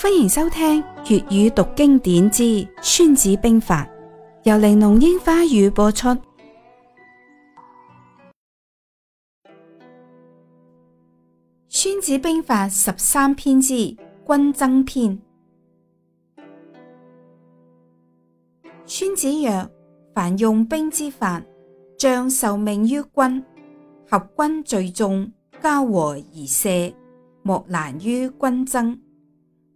歡迎收聽粵語讀經典之《孫子兵法》，由玲瓏櫻花語播出。《孫子兵法》十三篇之《軍爭篇》。孫子曰：凡用兵之法，將受命於君，合軍聚眾，交和而舍，莫難於軍爭。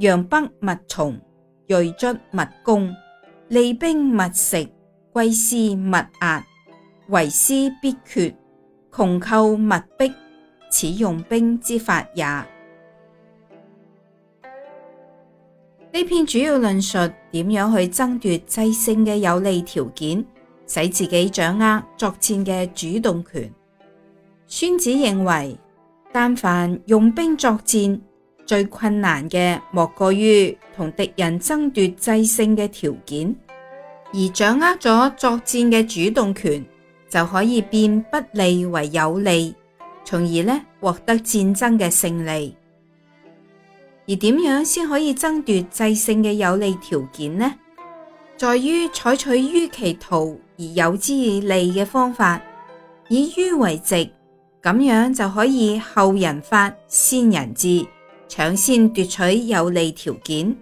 佯北勿從，銳卒勿攻，利兵勿食，歸師勿遏，圍師必闕，窮寇勿逼，此用兵之法也。呢篇主要論述點樣去爭奪制勝嘅有利條件，使自己掌握作戰嘅主動權。孫子認為，但凡用兵作戰，最困難嘅莫過於同敵人爭奪制勝嘅條件，而掌握咗作戰嘅主動權，就可以變不利為有利，從而咧獲得戰爭嘅勝利。而點樣先可以爭奪制勝嘅有利條件呢？在於采取迂其途而誘之以利嘅方法，以迂為直，咁樣就可以後人發，先人至。搶先奪取有利條件，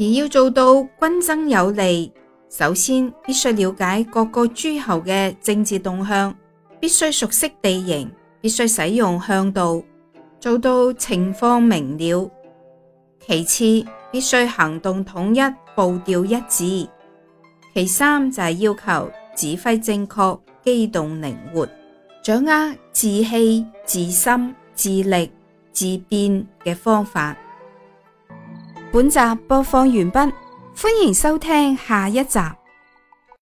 而要做到軍爭有利，首先必須了解各個諸侯嘅政治動向，必須熟悉地形，必須使用向導，做到情況明了。其次，必須行動統一，步調一致。其三就係要求指揮正確，機動靈活，掌握治氣、治心、治力。自變嘅方法。本集播放完畢，歡迎收聽下一集。